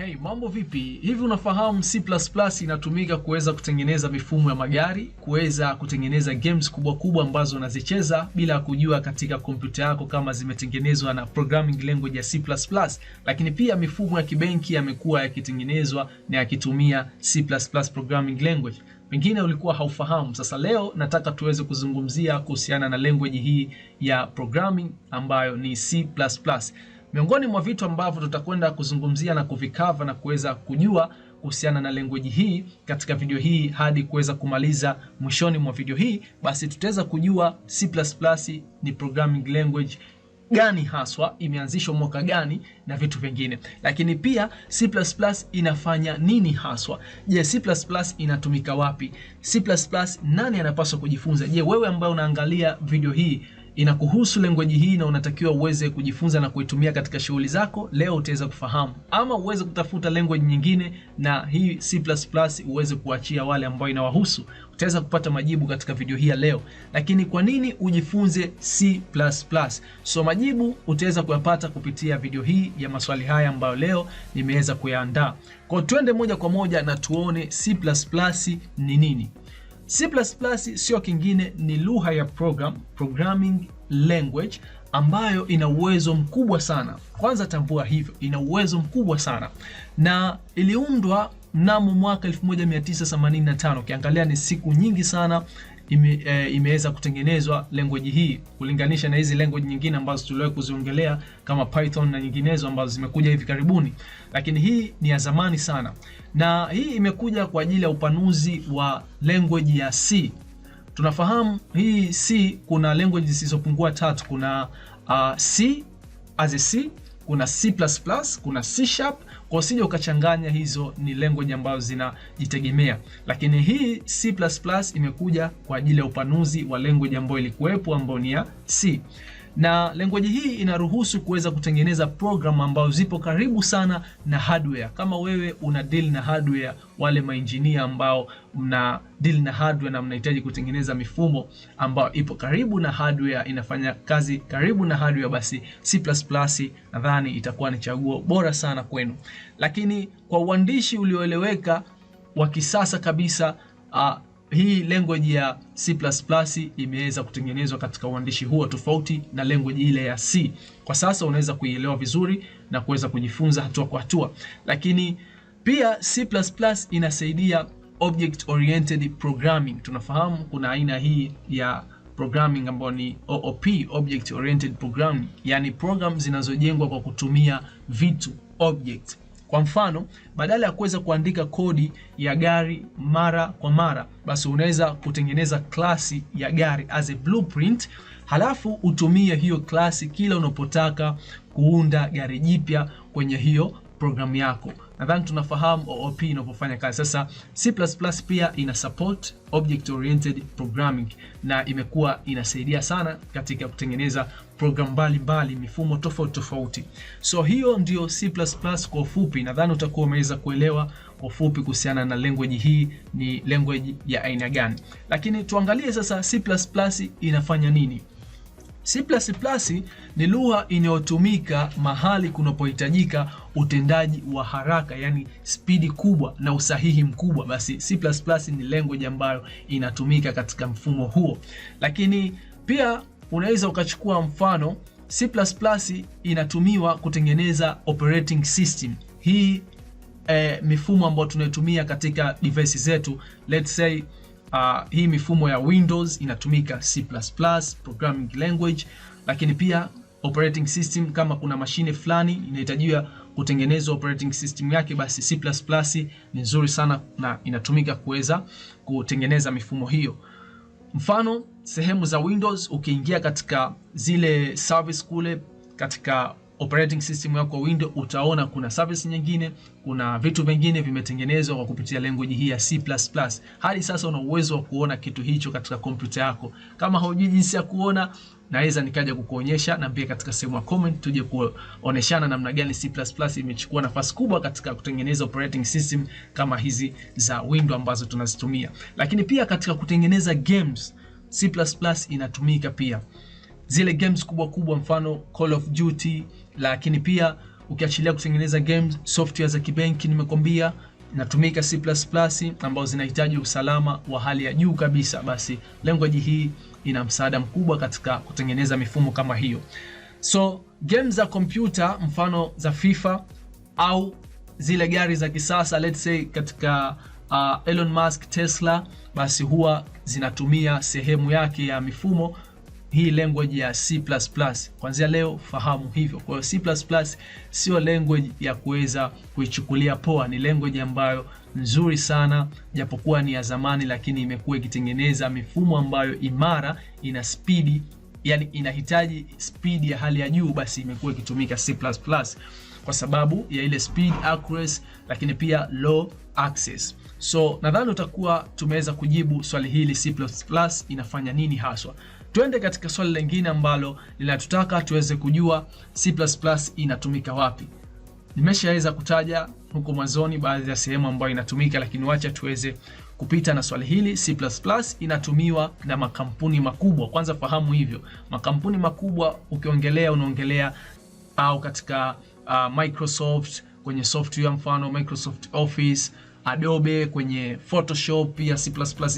Hey, mambo vipi? Hivi unafahamu C++ inatumika kuweza kutengeneza mifumo ya magari, kuweza kutengeneza games kubwa kubwa ambazo unazicheza bila kujua katika kompyuta yako kama zimetengenezwa na programming language ya C++. Lakini pia mifumo ya kibenki yamekuwa yakitengenezwa na yakitumia C++ programming language. Pengine ulikuwa haufahamu. Sasa leo nataka tuweze kuzungumzia kuhusiana na language hii ya programming ambayo ni C++. Miongoni mwa vitu ambavyo tutakwenda kuzungumzia na kuvikava na kuweza kujua kuhusiana na language hii katika video hii hadi kuweza kumaliza mwishoni mwa video hii, basi tutaweza kujua C++ ni programming language gani haswa, imeanzishwa mwaka gani na vitu vingine. Lakini pia C++ inafanya nini haswa? Je, C++ inatumika wapi? C++ nani anapaswa kujifunza? Je, wewe ambaye unaangalia video hii inakuhusu language hii na unatakiwa uweze kujifunza na kuitumia katika shughuli zako, leo utaweza kufahamu, ama uweze kutafuta language nyingine na hii C++ uweze kuachia wale ambao inawahusu. Utaweza kupata majibu katika video hii ya leo. Lakini kwa nini ujifunze C++? So majibu utaweza kuyapata kupitia video hii ya maswali haya ambayo leo nimeweza kuyaandaa. Kwa twende moja kwa moja na tuone C++ ni nini. C++ sio kingine, ni lugha ya program, programming language ambayo ina uwezo mkubwa sana. Kwanza tambua hivyo, ina uwezo mkubwa sana na iliundwa mnamo mwaka 1985. Ukiangalia ni siku nyingi sana ime, e, imeweza kutengenezwa language hii kulinganisha na hizi language nyingine ambazo tuliwahi kuziongelea kama Python na nyinginezo ambazo zimekuja hivi karibuni, lakini hii ni ya zamani sana na hii imekuja kwa ajili ya upanuzi wa language ya C. Tunafahamu hii C kuna language zisizopungua tatu. Kuna uh, C as a C, kuna C++, kuna C sharp. Kwa usije ukachanganya, hizo ni language ambazo zinajitegemea, lakini hii C++ imekuja kwa ajili ya upanuzi wa language ambayo ilikuwepo ambayo ni ya C na language hii inaruhusu kuweza kutengeneza program ambazo zipo karibu sana na hardware. Kama wewe una deal na hardware, wale mainjinia ambao mna deal na hardware na mnahitaji kutengeneza mifumo ambayo ipo karibu na hardware, inafanya kazi karibu na hardware, basi C++ nadhani itakuwa ni chaguo bora sana kwenu. Lakini kwa uandishi ulioeleweka wa kisasa kabisa, uh, hii language ya C++ imeweza kutengenezwa katika uandishi huo tofauti na language ile ya C. Kwa sasa unaweza kuielewa vizuri na kuweza kujifunza hatua kwa hatua, lakini pia C++ inasaidia object oriented programming. Tunafahamu kuna aina hii ya programming ambayo ni OOP, object oriented programming, yani program zinazojengwa kwa kutumia vitu object. Kwa mfano, badala ya kuweza kuandika kodi ya gari mara kwa mara, basi unaweza kutengeneza klasi ya gari as a blueprint, halafu utumie hiyo klasi kila unapotaka kuunda gari jipya kwenye hiyo programu yako. Nadhani tunafahamu OOP inavyofanya kazi. Sasa C++ pia ina support object oriented programming na imekuwa inasaidia sana katika kutengeneza programu mbalimbali, mifumo tofauti tofauti. So hiyo ndio C++ kwa ufupi. Nadhani utakuwa umeweza kuelewa kwa ufupi kuhusiana na language hii ni language ya aina gani, lakini tuangalie sasa C++ inafanya nini. C++ ni lugha inayotumika mahali kunapohitajika utendaji wa haraka, yani spidi kubwa na usahihi mkubwa. Basi C++ ni language ambayo inatumika katika mfumo huo, lakini pia unaweza ukachukua mfano C++ inatumiwa kutengeneza operating system hii, eh, mifumo ambayo tunaitumia katika device zetu let's say uh, hii mifumo ya Windows inatumika C++, programming language, lakini pia operating system. Kama kuna mashine fulani inahitajiwa kutengenezwa operating system yake, basi C++ ni nzuri sana na inatumika kuweza kutengeneza mifumo hiyo. Mfano sehemu za Windows, ukiingia katika zile service kule katika operating system yako Windows, utaona kuna service nyingine, kuna vitu vingine vimetengenezwa kwa kupitia language hii ya C++. Hadi sasa una uwezo wa kuona kitu hicho katika kompyuta yako. Kama hujui jinsi ya kuona, naweza nikaja kukuonyesha na pia katika sehemu ya comment tuje kuoneshana namna gani C++ imechukua nafasi kubwa katika kutengeneza operating system kama hizi za Windows ambazo tunazitumia. Lakini pia katika kutengeneza games C++ inatumika pia zile games kubwa kubwa, mfano Call of Duty, lakini pia ukiachilia kutengeneza games, software za kibenki nimekwambia natumika C++ ambazo zinahitaji usalama wa hali ya juu kabisa, basi language hii ina msaada mkubwa katika kutengeneza mifumo kama hiyo. So games za kompyuta mfano za FIFA au zile gari za kisasa let's say katika uh, Elon Musk Tesla, basi huwa zinatumia sehemu yake ya mifumo hii language ya C++. Kuanzia leo fahamu hivyo. Kwa hiyo C++ sio language ya kuweza kuichukulia poa, ni language ambayo nzuri sana, japokuwa ni ya zamani, lakini imekuwa ikitengeneza mifumo ambayo imara, ina spidi, yani inahitaji spidi ya hali ya juu, basi imekuwa ikitumika C++ kwa sababu ya ile speed accuracy, lakini pia low access. So nadhani utakuwa tumeweza kujibu swali hili C++ inafanya nini haswa. Twende katika swali lingine ambalo linatutaka tuweze kujua C++ inatumika wapi. Nimeshaweza kutaja huko mwanzoni baadhi ya sehemu ambayo inatumika, lakini wacha tuweze kupita na swali hili. C++ inatumiwa na makampuni makubwa. Kwanza fahamu hivyo, makampuni makubwa ukiongelea, unaongelea au katika uh, Microsoft kwenye software, mfano Microsoft Office Adobe, kwenye Photoshop ya C++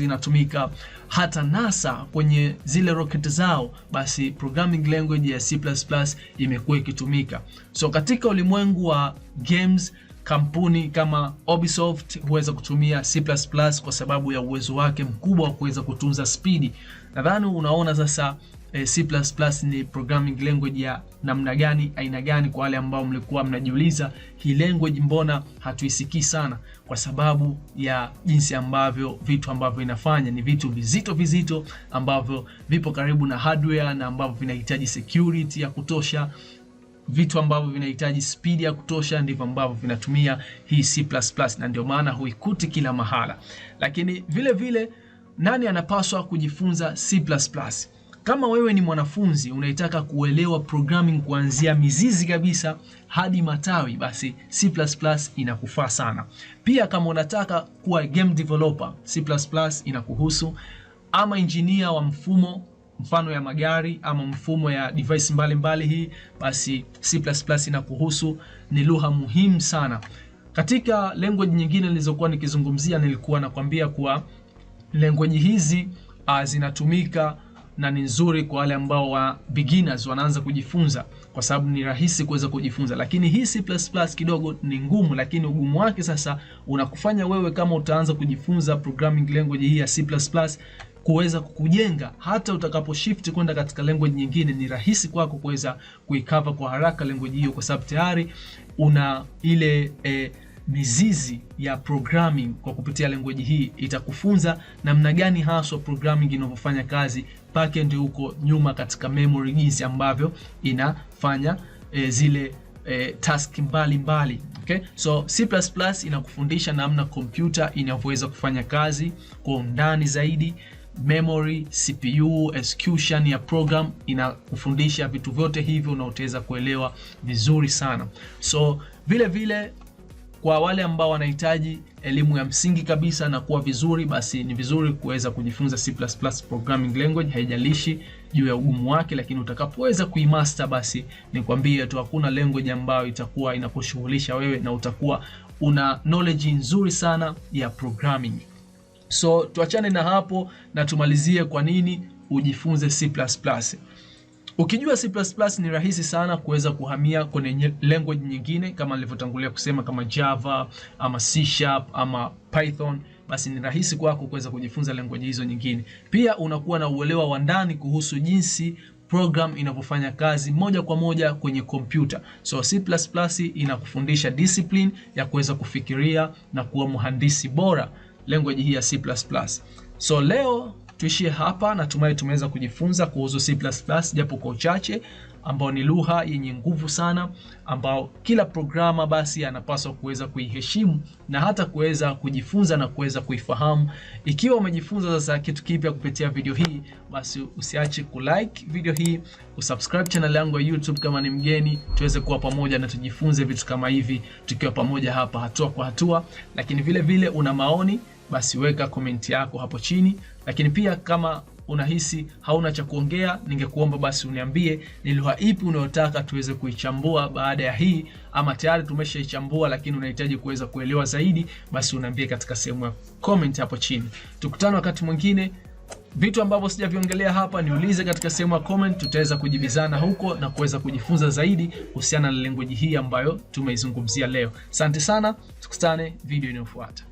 inatumika, hata NASA kwenye zile rocket zao, basi programming language ya C++ imekuwa ikitumika. So katika ulimwengu wa games kampuni kama Ubisoft huweza kutumia C++ kwa sababu ya uwezo wake mkubwa wa kuweza kutunza spidi. Nadhani unaona sasa Eh, C++ ni programming language ya namna gani, aina gani? Kwa wale ambao mlikuwa mnajiuliza hii language mbona hatuisikii sana, kwa sababu ya jinsi ambavyo vitu ambavyo inafanya ni vitu vizito vizito ambavyo vipo karibu na hardware na ambavyo vinahitaji security ya kutosha vitu ambavyo vinahitaji spidi ya kutosha ndivyo ambavyo vinatumia hii C++, na ndio maana huikuti kila mahala. Lakini vile vile, nani anapaswa kujifunza C++? Kama wewe ni mwanafunzi unaitaka kuelewa programming kuanzia mizizi kabisa hadi matawi, basi C++ inakufaa sana. Pia kama unataka kuwa game developer, C++ inakuhusu ama injinia wa mfumo mfano ya magari ama mfumo ya device mbalimbali hii basi C++ inakuhusu. Ni lugha muhimu sana. Katika language nyingine nilizokuwa nikizungumzia, nilikuwa nakwambia kuwa language hizi ah, zinatumika na ni nzuri kwa wale ambao wa beginners wanaanza kujifunza, kwa sababu ni rahisi kuweza kujifunza. Lakini hii C++ kidogo ni ngumu, lakini ugumu wake sasa unakufanya wewe kama utaanza kujifunza programming language hii ya C++ kuweza kukujenga hata utakapo shift kwenda katika language nyingine, ni rahisi kwako kuweza kuikava kwa haraka language hiyo, kwa sababu tayari una ile e, mizizi ya programming. Kwa kupitia language hii itakufunza namna gani haswa programming inavyofanya kazi backend huko nyuma katika memory, jinsi ambavyo inafanya e, zile e, task mbalimbali. Okay? So C++ inakufundisha namna kompyuta inavyoweza kufanya kazi kwa undani zaidi memory, CPU, execution ya program inakufundisha vitu vyote hivyo na utaweza kuelewa vizuri sana. So vile vile kwa wale ambao wanahitaji elimu ya msingi kabisa na kuwa vizuri, basi ni vizuri kuweza kujifunza C++ programming language, haijalishi juu ya ugumu wake, lakini utakapoweza kuimaster, basi nikwambie tu hakuna language ambayo itakuwa inakushughulisha wewe na utakuwa una knowledge nzuri sana ya programming. So tuachane na hapo na tumalizie kwa nini ujifunze C++. Ukijua C++ ni rahisi sana kuweza kuhamia kwenye language nyingine kama nilivyotangulia kusema kama Java ama C Sharp ama Python, basi ni rahisi kwako kuweza kujifunza language hizo nyingine. Pia unakuwa na uelewa wa ndani kuhusu jinsi program inavyofanya kazi moja kwa moja kwenye kompyuta. So C++ inakufundisha discipline ya kuweza kufikiria na kuwa mhandisi bora, language hii ya C++. So leo Tuishie hapa, natumai tumeweza kujifunza kuhusu C++ japo kwa uchache, ambao ni lugha yenye nguvu sana, ambao kila programa basi anapaswa kuweza kuiheshimu na hata kuweza kujifunza na kuweza kuifahamu. Ikiwa umejifunza sasa kitu kipya kupitia video hii, basi usiache kulike video hii, usubscribe channel yangu ya YouTube kama ni mgeni, tuweze kuwa pamoja na tujifunze vitu kama hivi tukiwa pamoja hapa hatua kwa hatua. Lakini vile vile una maoni basi weka komenti yako hapo chini, lakini pia kama unahisi hauna cha kuongea, ningekuomba basi uniambie ni lugha ipi unayotaka tuweze kuichambua baada ya hii, ama tayari tumeshaichambua lakini unahitaji kuweza kuelewa zaidi, basi uniambie katika sehemu ya comment hapo chini. Tukutane wakati mwingine. Vitu ambavyo sijaviongelea hapa niulize katika sehemu ya comment, tutaweza kujibizana huko na kuweza kujifunza zaidi kuhusiana na lengoji hii ambayo tumeizungumzia leo. Asante sana, tukutane video inayofuata.